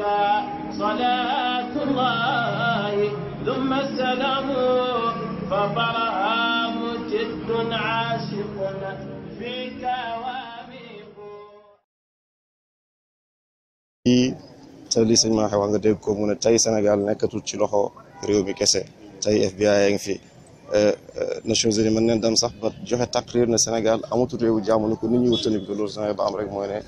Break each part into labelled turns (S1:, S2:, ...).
S1: عليك صلاة الله ثم السلام فطرها مجد عاشق فيك
S2: ma xewoon nga dégg ko mu ne tey Sénégal nekkatul ci loxo réew mi kese tey FBI yaa ngi fi euh, euh, Nations Unies mën nañ dem sax ba joxe taqrir ne Sénégal amatul réewu jàmm ni ko ni ñi wutani bi loolu Sénégal ba am rek mooy ne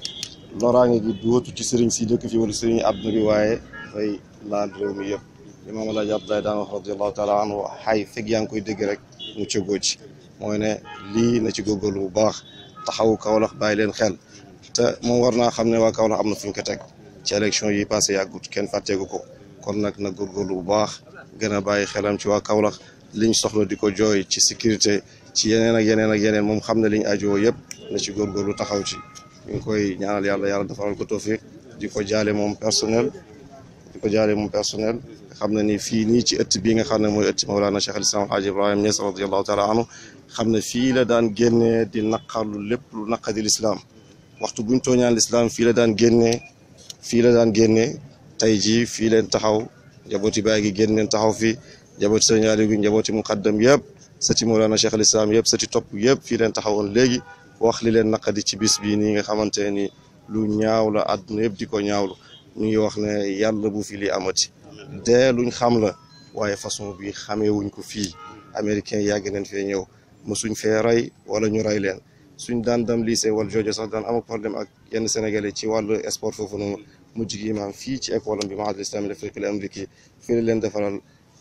S2: loraange gi du wëtu ci sëriñ si dëkk fi wala sëriñ àdduna bi waaye dafay laal réew mi yëpp imaam alaaji abdoulaye daan wax radiallahu taala anhu xay fekk yaa ngi koy dégg rek mu cëggoo ci mooy ne lii na ci góorgóorlu bu baax taxawu Kaolack bàyyi leen xel te moom war naa xam ne waa Kaolack am na fu ñu ko teg ci élection yi passé yàggut kenn fàtteegu ko kon nag na góorgóorlu bu baax gën a bàyyi xelam ci waa Kaolack liñ soxla di ko jooy ci sécurité ci yeneen ak yeneen ak yeneen moom xam ne liñ ajoo yëpp na ci góorgóorlu taxaw ci ñu ngi koy ñaanal yàlla yàlla defaral ko tawfiq di ko jaale moom personnel di ko jaale moom personnel xam na ni fii nii ci ëtt bii nga xam ne mooy ëtt Mawlana Cheikh al Islam Alhaji Ibrahim Niass radiallahu taala anhu xam ne fii la daan génnee di naqarlu lépp lu naqadi lislaam waxtu buñ tooñaan lislaam fii la daan génnee fii la daan génnee tey jii fii leen taxaw njabooti baay gi génn leen taxaw fii njabooti sëñ Aliou gi njabooti muqaddam yëpp sëti Mawlana Cheikh al Islam yëpp sëti topp yëpp fii leen taxawoon léegi wax li leen naqadi ci bis bi nii nga xamante ni lu ñaaw la àdduna yëpp di ko ñaawlu ñu ngi wax ne yàlla bu fi li amati dee luñ xam la waaye façon bi xamee wuñ ko fii américain yàgg nañ fee ñëw mësuñ fee rey wala ñu rey leen suñ daan dem lycée wala joojo sax daan ama problème ak yenn sénégalais ci wàllu sport foofu noonu mujj gi imaam fii ci école am bi mahadul islami al afrique al amriki fii la leen defaral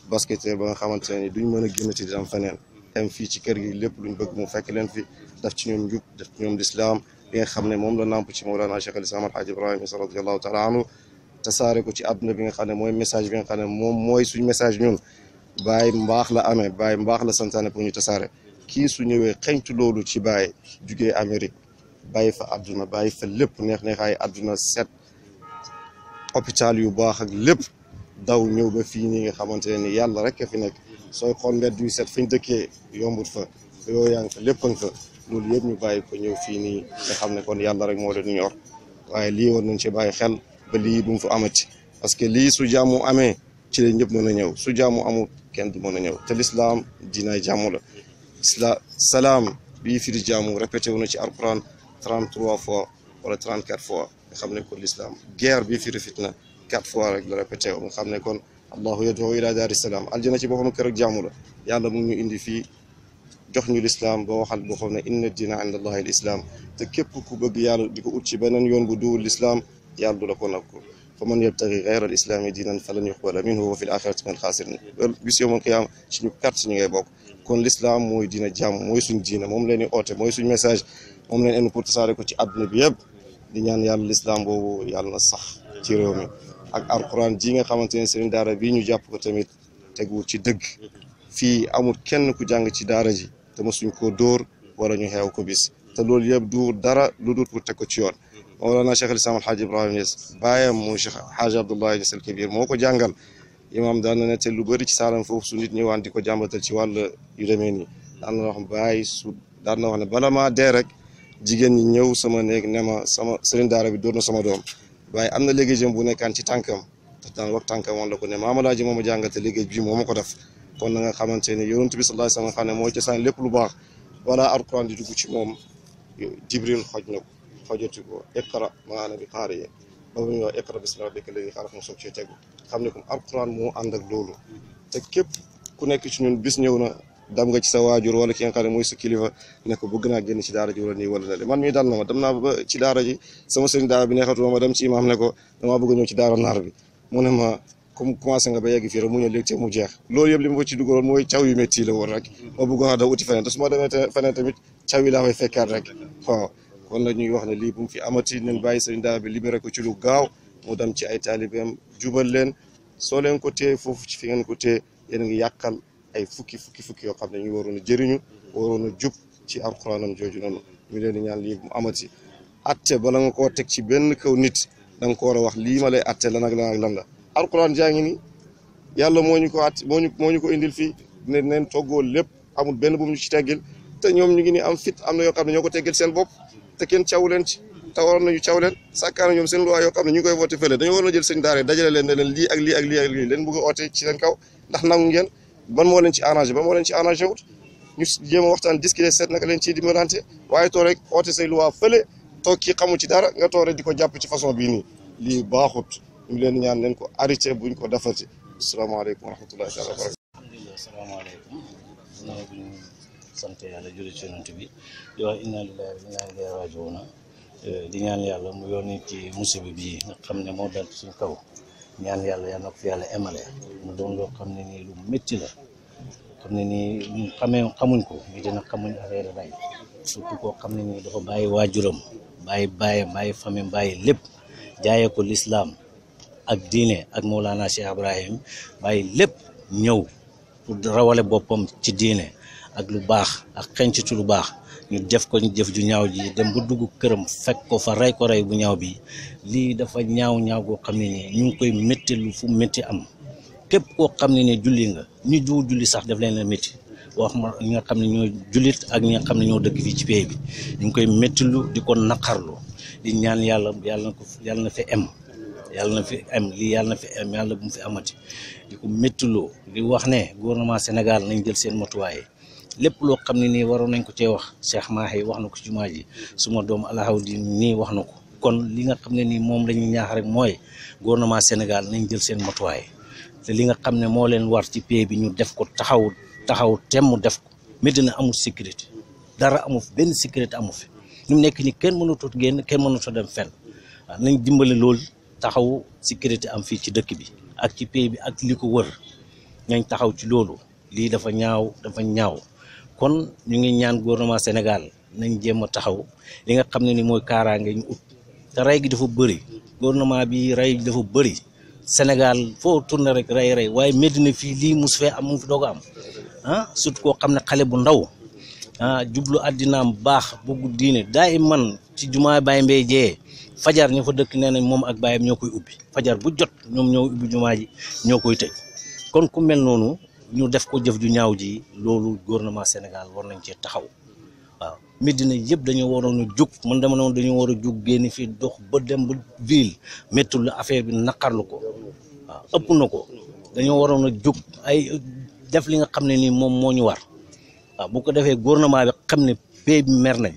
S2: basketteur ba nga xamante ne duñ mën a génnati di dem feneen fii ci kër gi lépp luñ bëgg mu fekk leen fi daf ci ñoom njub daf ci ñoom lislaam li nga xam ne moom la nàmp ci Mawlana Cheikh al Islam Alhaaj Ibrahima Niass radiyallahu tasaare ko ci àdduna bi nga xam ne mooy message bi nga xam ne moom mooy suñ message ñun Baay mbaax la amee Baay mbaax la santaane pour ñu tasaare kii su ñëwee xeñtu loolu ci Baay jugee Amérique bàyyi fa àdduna bàyyi fa lépp neex neexaay àdduna set hôpital yu baax ak lépp daw ñëw ba fii nii nga xamante ne ni yàlla rek a fi nekk sooy xool mbedd yu set fi ñu dëkkee yombut fa yow yaa ngi fa loolu yëpp ñu bàyyi ko ñëw fii nii nga xam ne kon yàlla rek moo leen ñor waaye lii war nañ ci bàyyi xel ba lii bu mu fa amati parce que lii su jàmmu amee ci la ñëpp mën a ñëw su jàmmu amul kenn du mën a ñëw te lislaam diinaay jàmmu la isla salaam bii firi jàmmu répété wu na ci alquran 33 fois wala 34 fois nga xam ne kon lislaam guerre bii firi fitna quatre fois rek la répété wu nga xam ne kon allahu yad'u ila daari salaam aljana ci boppam kër ak jàmmu la yàlla mu ñu indi fii jox ñu lislaam boo waxal boo xam ne inna diina inda allahi lislaam te képp ku bëgg yàlla di ko ut ci beneen yoon bu duwul lislaam yàlla du la ko nangu fa man yabtagi gayra al islaami diinan falan yuqbala minhu wa fi l axirati min al xaasirin bis yowmal qiyaama ci ñu perte ñu ngay bokk jàmm mooy suñ diina moom leen di oote mooy suñ message moom leen en ko ci àdduna bi yëpp di ñaan yàlla lislaam boobu yàlla na sax ci réew mi ak alquran ji nga xamante ne seen daara bii ñu jàpp ko tamit teguwul ci dëgg fii amul kenn ku jàng ci daara ji te mosuñ ko dóor wala ñu xeew ko bis te loolu yëpp du dara lu dul pour teg ko ci yoon Mawlana Cheikh al-Islam alxaaji Ibrahima Niass baayam mu Cheikh xaaji Abdoulaye Niass al Kabir moo ko jàngal imaam daan na ne te lu bëri ci saalam foofu su nit ñëwaan di ko jàmbatal ci wàll yu demee nii daan na wax bàyyi su daan na wax ne bala maa dee rek jigéen ñi ñëw sama néeg ne ma sama sëriñ daara bi dóor na sama doom waaye am na liggéey jëm bu nekkaan ci tànkam te daan wax tànkam woon la ko laa ji mooma jàngal te liggéey bi moo ma ko def kon na nga xamante ne yonent bi sallallahu alayhi wasallam xam ne mooy cosaan lépp lu baax wala alquran di dugg ci moom jibril xoj na ko xojati ko iqra maana bi qaari ba bu ñuy wax iqra bismi rabbika léegi xaaral ma soog cee tegu xam ne comme moo ànd ak loolu te képp ku nekk ci ñun bis ñëw na dam nga ci sa waajur wala ki nga xam mooy sa kilifa nekk ko bëgg naa génn ci daara ji wala nii wala nale man mii dal na ma dem naa ba ci daara ji sama sëriñ daara bi neexatuma ma dem ci imaam ne ko damaa bëgg ñëw ci daara naar bi mu ne comme commencé nga ba yegg fii rek mu ñëw léegi mu jeex loolu yëpp li ma ko ci dugaloon mooy caw yu métti la woon rek ma bëggoon a daw uti feneen te su ma demee feneen tamit caw yi laa rek waaw kon nag ñuy wax ne lii bu mu fi bàyyi sëriñ daara bi libéré ko ci lu gaaw mu dem ci ay taalibeem jubal leen soo leen ko téye foofu ci fi ngeen ko téye yéen ngi yàqal ay fukki fukki fukki yoo xam ne ñu waroon a jëriñu waroon a jub ci alxuraanam jooju noonu ñu leen di ñaan lii mu amati atte bala nga koo teg ci benn kaw nit da ko war a wax lii ma lay atte lan ak lan ak lan la alquran jaa ngi ni yàlla moo ñu ko at moo ñu moo ñu ko indil fii ne neen toggoo lépp amul benn bu mu ñu ci teggil te ñoom ñu ngi ni am fit am na yoo xam ne ñoo ko teggil seen bopp te kenn caw leen ci waroon nañu caw leen sàkkaana ñoom seen loi yoo xam ne ñu ngi koy voté fële dañoo a jël seen daara dajale leen ne leen lii ak lii ak lii ak a ci seen kaw ndax nangu ngeen ban moo leen ci arrangé ban moo leen ci arrangé wut ñu jéem a waxtaan discuter seet naka leen ciy dimbalante waaye toog rek oote say loi fële toog kii xamu ci dara nga toog rek di ko jàpp ci façon bii nii lii baaxut ñu leen ñaan leen ko arrêté buñ ko defati asalaamaaleykum wa rahmatullahi taala
S1: sant yàlla julli ci bi di wax inna lillahi wa di ñaan yàlla mu yónni ci musiba bii nga xam ne moo dal suñ kaw ñaan yàlla yal na ko fi yàlla emale mu doon loo xam ne nii lu metti la xam ne nii xamee xamuñ ko ñu dina xamuñ affaire rey surtout koo xam ne nii dafa bàyyi waajuram bàyyi bàyyi bàyyi famille bàyyi lépp jaayee ko lislaam ak diine ak Mawlana Cheikh Ibrahim bàyyi lépp ñëw pour rawale boppam ci diine ak lu baax ak xenc lu baax ñu def ko ñu jëf ju ñaaw ji dem bu dugg këram fekk ko fa rey ko rey bu ñaaw bii lii dafa ñaaw ñaaw goo xam ne nii ñu ngi koy métti lu fu métti am képp koo xam ne nii julli nga ñu duw julli sax daf leen métti wax ma ñi nga xam ne ñoo jullit ak ñi xam ne ñoo dëkk fii ci pays bi ñu ngi koy métti lu di ko naqarlu di ñaan yàlla yàlla na ko yàlla na fi am yàlla na fi em lii yàlla na fi am yàlla bu mu fi amati di ko méttiloo di wax ne gouvernement Sénégal nañ jël seen matuwaay lépp loo xam ne nii waroon nañ ko cee wax Cheikh Mahi wax na ko jumaa ji suma doom alaaw di nii wax na ko kon li nga xam ne nii moom la ñuy ñaax rek mooy gouvernement Sénégal nañ jël seen matuwaay te li nga xam ne moo leen war ci pays bi ñu def ko taxaw taxaw temm def ko na amul sécurité dara amu fi benn sécurité amu fi ñu nekk ni kenn mënatut génn kenn mënatut dem fenn dimbale loolu taxaw sécurité am fii ci dëkk bi ak ci pays bi ak li ko wër nañ taxaw ci loolu lii dafa ñaaw dafa ñaaw kon ñu ngi ñaan gouvernement Sénégal nañ jéem a taxaw li nga xam ne ni mooy kaaraange ñu ut te rey gi dafa bëri gouvernement bi rey gi dafa bari Sénégal foo tourné rek rey rey waaye Medina fii lii mus fee am mu fi doog am ah surtout koo xam ne xale bu ndaw ah, jublu àddina àddinaam baax bëggu diine daay man ci jumaa Baye Mbaye jee fajar ñu fa dëkk nee nañ moom ak baayam ñoo koy ubbi fajar bu jot ñoom ñoo ubbi jumaa ji ñoo koy tëj kon ku mel noonu ñu def ko jëf ju ñaaw ji loolu gouvernement Sénégal war nañ cee taxaw waaw Médina yëpp dañoo waroon a jug man dama ne dañoo war a jug génn fii dox ba dem ba ville méttul la affaire bi naqarlu ko waaw ëpp na ko dañoo waroon a jug ay def li nga xam ne nii moom moo ñu war waaw bu ko defee gouvernement bi xam ne pays mer nañ.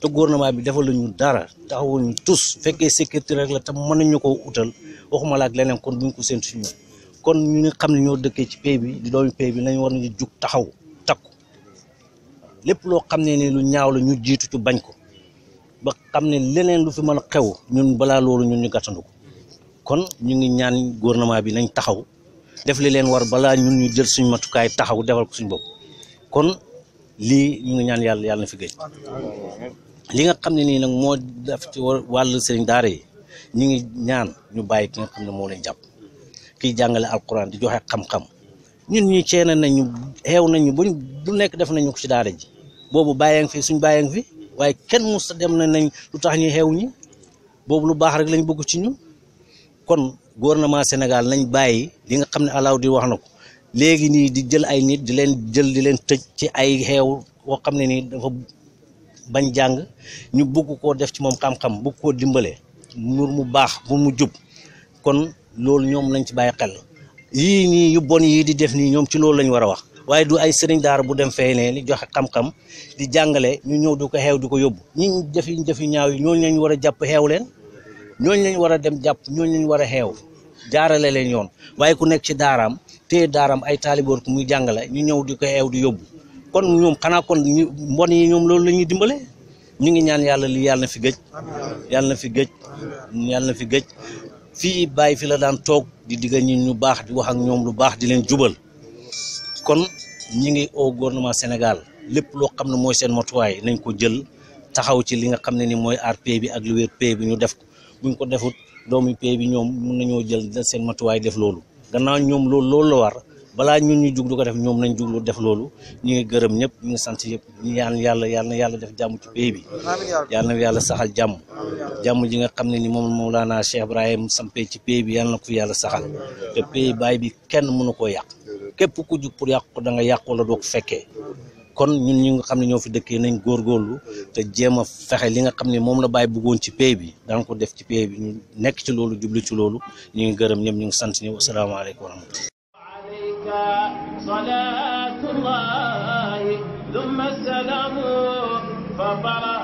S1: te gouvernement bi defaluñu dara taxawuñu tous fekkee sécurité rek la te mën nañu ko utal waxuma laak leneen kon duñ ko seen suñu kon ñu ngi xam ne ñoo dëkkee ci pays bi di doomi bi nañ war nañu jug taxaw takku lépp loo xam ne ni lu ñaaw la ñu jiitu ci bañ ko ba xam ne leneen lu fi mën a xew ñun balaa loolu ñun ñu gàttandu kon ñu ngi ñaan gouvernement bi nañ taxaw def li leen war balaa ñun ñu jël suñu matukaay taxaw defal ko suñu bopp kon ñu ngi ñaan yàlla yàlla na fi gëj li nga xam ne nii nag moo def ci wàll sëriñ daara yi ñu ngi ñaan ñu bàyyi ki nga xam ne moo leen jàpp kiy jàngale alquran di joxe xam-xam ñun ñu ceena nañu xeew nañu buñ bu nekk def nañu ko ci daara ji boobu bàyyeen fi suñ bàyyeen fi waaye kenn musta dem na nañ lu tax ñu xeew ñi boobu lu baax rek lañ bëgg ci ñu kon gouvernement Sénégal nañ bàyyi li nga xam ne alaaw di wax na ko léegi nii di jël ay nit di leen jël di leen tëj ci ay xeew woo xam ne nii dafa bañ jàng ñu bëgg koo def ci moom xam-xam bëgg koo dimbale mur mu baax mur mu jub kon loolu ñoom lañ ci bàyyi xel yii nii yu bon yii di def nii ñoom ci loolu lañ war a wax waaye du ay sëriñ daara bu dem fey ne li joxe xam-xam di jàngale ñu ñëw di ko xeew di ko yóbbu ñi def yi def yu ñaaw yi ñooñu lañ war a jàpp xeew ñooñu lañ war a dem jàpp ñooñu lañ war a xeew jaarale leen yoon waaye ku nekk ci daaraam téye daaraam ay taaliboor ku muy jàngale ñu ñëw di ko xeew di yóbbu kon ñoom xanaa kon ñu mbon yi ñoom loolu la ñuy dimbale ñu ngi ñaan yàlla li yàlla na fi gëj yàlla na fi gëj yàlla fi gëj fii bàyyi fi la daan toog di digga ñi ñu baax di wax ak ñoom lu baax di leen jubal kon ñu ngi au gouvernement Sénégal lépp loo xam ne mooy seen matuwaay nañ ko jël taxaw ci li nga xam ne ni mooy aar pay bi ak lu wér pay bi ñu def ko buñ ko defut doomi pay bi ñoom mun nañoo jël seen matuwaay def loolu gannaaw ñoom loolu loolu la war balaa ñun ñu jug du ko def ñoom nañ juglu def loolu ñu ngi gërëm ñëpp ñu ngi sant yëpp ñu ñaan yàlla yàlla na yàlla def jàmm ci pays bi yàlla na yàlla saxal jàmm jàmm ji nga xam ne ni moom Mawlana Cheikh Ibrahim sampe ci pays bi yàlla na ko yàlla saxal baay bi kenn mënu koo yàq képp ku jug pour yàq ko da nga yàq wala doo ko fekkee kon ñun ñu nga xam ne ñoo fi dëkkee nañ góor góorlu te jéem a fexe li nga xam ne moom la bàyyi bëggoon ci pay bi daan ko def ci pay bi ñu nekk ci loolu jublu ci loolu ñu ngi gërëm ñëpp ñu ngi sant ni asalaamaaleykum wa rahmatulah صلاة الله ثم السلام فطلع